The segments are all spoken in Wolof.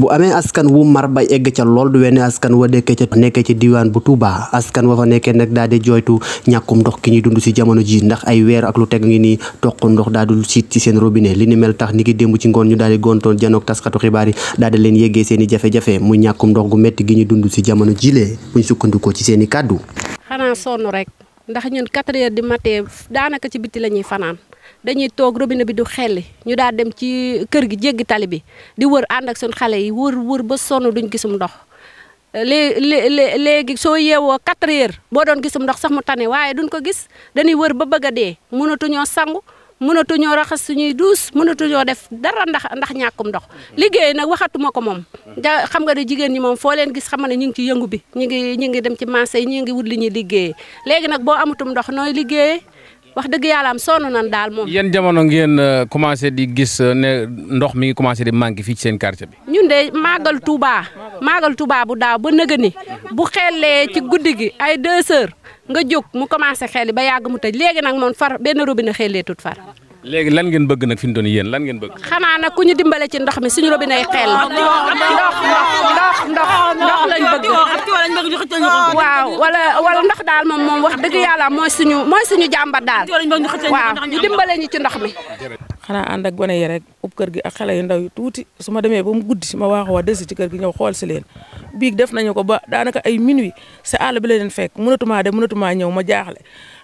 bu amee askan wu mar bay egg ca lool du wenn askan wa nekkee ca nekkee ci diwaan bu Touba askan wa fa nekkee nag daal jooytu ñàkkum ndox ki ñuy dund ji ndax ay weer ak lu teg ngi nii toq ndox daal di siit ci seen robinet li ni tax ni ki démb ci ngoon ñu daal di gontoon janoog taskatu xibaar yi daal di leen yéggee seen i jafe-jafe mu ñàkkum ndox gu métti gi ñu dund si jamono jilee buñ sukkandikoo ci seen i kàddu xanaa sonn rek ndax ñun 4 heures du matin daanaka ci biti la ñuy fanaan dañuy toog robinet bi du xelli ñu daal dem ci kër gi jéggi tali bi di wër ànd ak suñu xale yi wër wër ba sonn duñ gisum ndox léegi léegi soo yeewoo 4 heures boo doon gisum ndox sax mu tane waaye duñ ko gis dañuy wër ba bëgg a dee mënatuñoo sangu mënatuñoo raxas suñuy duus mënatuñoo def dara ndax ndax ñàkkum ndox liggéey nag waxatuma ko moom da xam nga ne jigéen ñi moom foo leen gis xam nga ne ñu ngi ci yëngu bi ñu ngi ñu ngi dem ci marché yi ñu ngi wut li ñuy liggéeyee léegi boo amatum ndox nooy liggéeyee wax dëgg yàlla am sonn nan daal moom. yan jamono ngeen euh, commencé di gis euh, ne ndox mi ngi commencé di manqué fii ci seen quartier bi. ñun de màggal Touba màggal Touba bu daaw ba nëgë ni bu xellee ci guddi gi ay deux heures nga jóg mu commencé xelli ba yàgg mu tëj léegi nag moon far benn robinet xellee tut far. léegi lan ngeen bëgg nag fi mu doon yéen lan ngeen bëgg. xanaa nag ku ñu dimbale ci ndox mi suñu robinet yi xel ndox ndox. ndox ah, ndox lañ bëgg waaw wala wala ndox daal moom moom wax dëgg yàlla mooy suñu mooy suñu jàmbat daal waaw ñu dimbale ñu ci ndox mi xanaa ànd ak gone yi rek ub kër gi ak xale yi ndaw yu tuuti su ma demee ba mu guddi ma waaxu waa desi ci kër gi ñëw xool si leen biig def nañu ko ba daanaka ay minuit sa àll bi la leen fekk mënatumaa dem mënatumaa ñëw ma jaaxle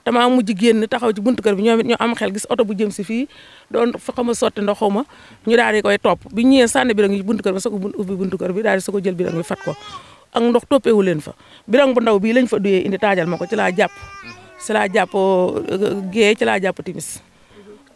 damaa mujj génn taxaw ci buntu kër bi ñoom it ñu am xel gis oto bu jëm si fii doon fa xama sotti ndoxuma ñu daal di koy topp bi ñëwee sànni bi yoon wi fat ko ak ndox toppewu leen fa birang bu ndaw bii lañ fa duyee indi taajal ma ko ci laa jàpp ci laa jàpp euh, gée ci laa jàpp timis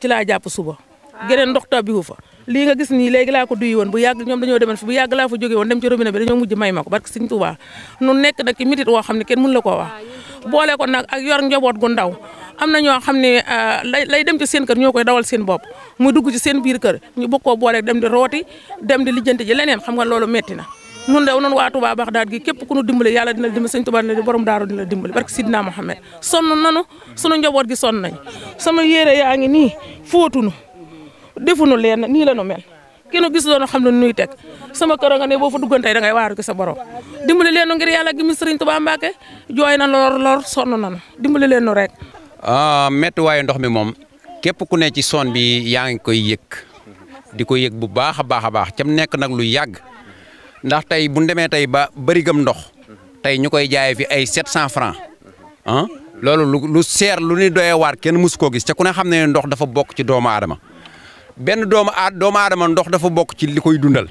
ci laa jàpp suba ah. geneen ndox tabbiwu fa lii nga gis ni léegi laa ko duyi woon bu yàgg ñoom dañoo demoon bu yàgg laa fa jógee woon dem ci robinet bi dañoo mujj may ma barke Sëñ Tuubaa nu nekk nag ci mitit woo xam ne kenn mun la koo wax ah, boole ko nag ak yor njaboot gu ndaw am na ñoo xam ne euh, lay lay dem ci seen ñoo koy dawal seen bopp mu dugg ci seen biir kër ñu bokkoo boole dem di rooti dem di lijjanti ji leneen xam nga loolu metti na nun de noonu waa Touba Baxdaad gi képp ku nu dimbali yàlla dina dimbali sëñ Touba dina borom daaru dina dimbali barke Sidna Mohamed sonn nanu sunu njaboot gi sonn nañ sama yére yaa ngi nii fóotunu defunu leen nii la nu mel ki nu gis doon xam ne nuy teg sama kër nga ne boo fa duggantey da ngay waaru ki sa borom dimbali leen ngir yàlla gi mi sëriñ Touba Mbacke jooy na lor lor sonn nanu dimbale leen nu rek. Ah, metti waaye ndox mi moom képp ku ne ci son bi yaa ngi koy yëg di ko yëg bu baax a baax a baax cam nekk nag lu yàgg. ndax tey bu ñu demee tey ba bërigam ndox tey ñu koy jaayee fi ay 700 francs ah loolu lu lu seer lu ñuy doyee waar kenn mësu koo gis te ku ne xam ne ndox dafa bokk ci doomu aadama benn doomu aad doomu aadama ndox dafa bokk ci li koy dundal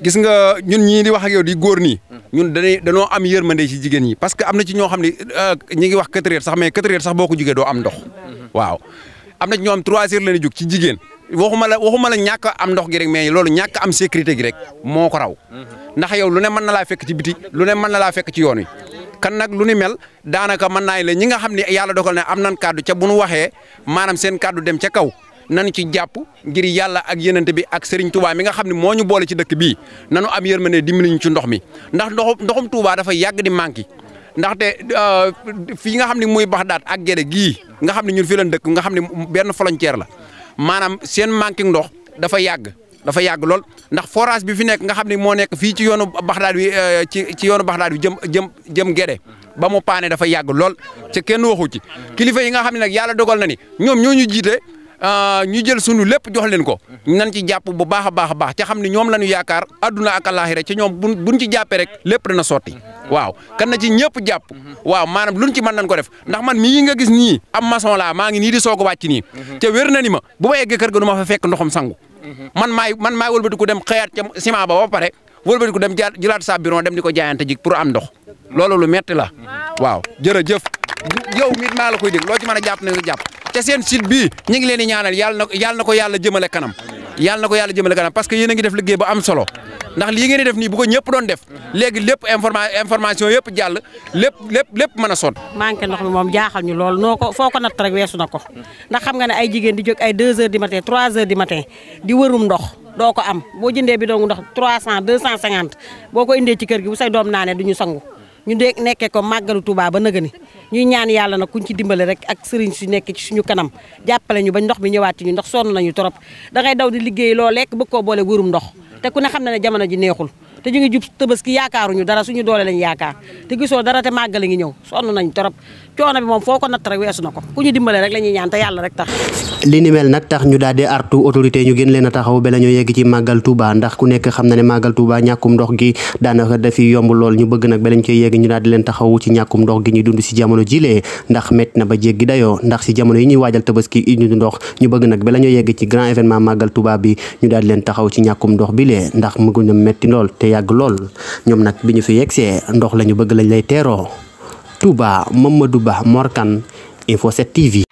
gis nga ñun ñii di wax ak yow di góor nii ñun dañuy dañoo am yërmande ci jigéen ñi parce que am na ci ñoo xam ne euh, ñi ngi wax quatre sax mais quatre sax boo ko jugee doo am ndox mm-hmm. waaw am na ci ñoo xam trois heures la ñuy jug ci jigéen waxuma la waxuma la ñàkk am ndox gi rek mais loolu ñàkk am sécurité gi rek moo ko raw ndax yow lu ne mën na laa fekk ci biti lu ne mën na laa fekk ci yoon wi kan nag lu ni mel daanaka mën naa leen ñi nga xam ne yàlla dogal ne am nan kàddu ca bu nu waxee maanaam seen kàddu dem ca kaw nanu ci jàpp ngir yàlla ak yenente bi ak sëriñ Touba mi nga xam ne moo ñu boole ci dëkk bii nanu am yërmande dimbali ñu ci ndox mi ndax ndoxu ndoxum Touba dafa yàgg di manqué ndaxte euh, fii nga xam ne muy bax daat ak gede gii nga xam ne ñun fii dëkk nga xam ne benn frontière la maanaam seen manque ndox dafa yàgg dafa yàgg lool ndax forage bi fi nekk nga xam ni moo nekk fii ci yoonu Baxdaad wi euh, ci ci yoonu Baxdaad wi jëm jëm jëm Guédé ba mu paane dafa yàgg lool ca kenn waxu ci kilifa yi nga xam ne nag yàlla dogal na ni ñoom ñoo ñu jiite Euh, ñu jël sunu lépp jox leen ko nan ci jàpp bu baax a baax a baax ca xam ne ñoom la ñu yaakaar adduna ak àllaaxira ci ñoom buñ buñ ci jàppee rek lépp dana sotti waaw kan na ci ñëpp jàpp waaw maanaam luñ ci mën nañ ko def ndax man mii nga gis nii am maçon laa maa ngi nii di soog a wàcc nii te wér na ni ma bu ma eggee kër ga du ma fa fekk ndoxam sangu man maay man maay ko dem xëyaat ca ciment ba ba pare wëlbatiku dem jëlaat sa bureau dem di ko jaayante ji pour am ndox loolu lu metti la waaw jërëjëf yow mit maa la loo ci mën a jàpp na nga jàpp te seen site bii ñu ngi leen di ñaanal yàlla ko yàlla jëmale kanam yàlla ko yàlla jëmale kanam parce que yéen a ngi def liggéey ba am solo ndax lii ngeen di def nii bu ko ñëpp doon def léegi lépp informa information jàll lépp lépp lépp mën a son manqué ndox mi moom jaaxal ñu lool noo ko foo ko natt rek weesu na ko ndax xam nga ne ay jigéen di jóg ay 2 heures du matin 3 heures du matin di wërum ndox doo ko am boo jëndee bi doongu ndox 300 250 boo ko indee ci kër gi bu say ñu nekkee ko màggalu Touba ba nëgëni ñuy ñaan yàlla nag kuñ ci dimbale rek ak sëriñ si nekk ci suñu kanam jàppale ñu ba ndox mi ñëwaat ci ñu ndax sonn nañu trop da ngay daw di liggéey loo lekk bëgg ko boole wërum ndox te ku ne xam na ne jamono ji neexul te ñu ngi jub tëbaski yaakaaruñu dara suñu doole lañ yaakaar te gisoo dara te màggal ngi ñëw sonn nañ trop coono bi moom foo ko natt rek weesu na ko ku ñu dimbale rek la ñuy ñaan te yàlla rek tax li ni mel nag tax ñu daal di artu autorité ñu gën leen a taxaw bala ñu yegg ci màggal Touba ndax ku nekk xam na ne màggal Touba ñàkkum ndox gi daanaka dafi yomb lool ñu bëgg nag bala ñu koy yegg ñu daal di leen taxaw ci ñàkkum ndox gi ñu dund si jamono jilee ndax métti na ba jéggi dayoo ndax si jamono yi ñuy waajal tabaski indi ndox ñu bëgg nag bala ñu yegg ci grand événement màggal Touba bi ñu daal leen taxaw ci ñàkkum ndox bi lee ndax mu gën a métti lool te yàgg lool ñoom nag bi ñu fi see ndox la ñu bëgg lañ lay teeroo Touba Mamadou Ba Morkan Info 7 TV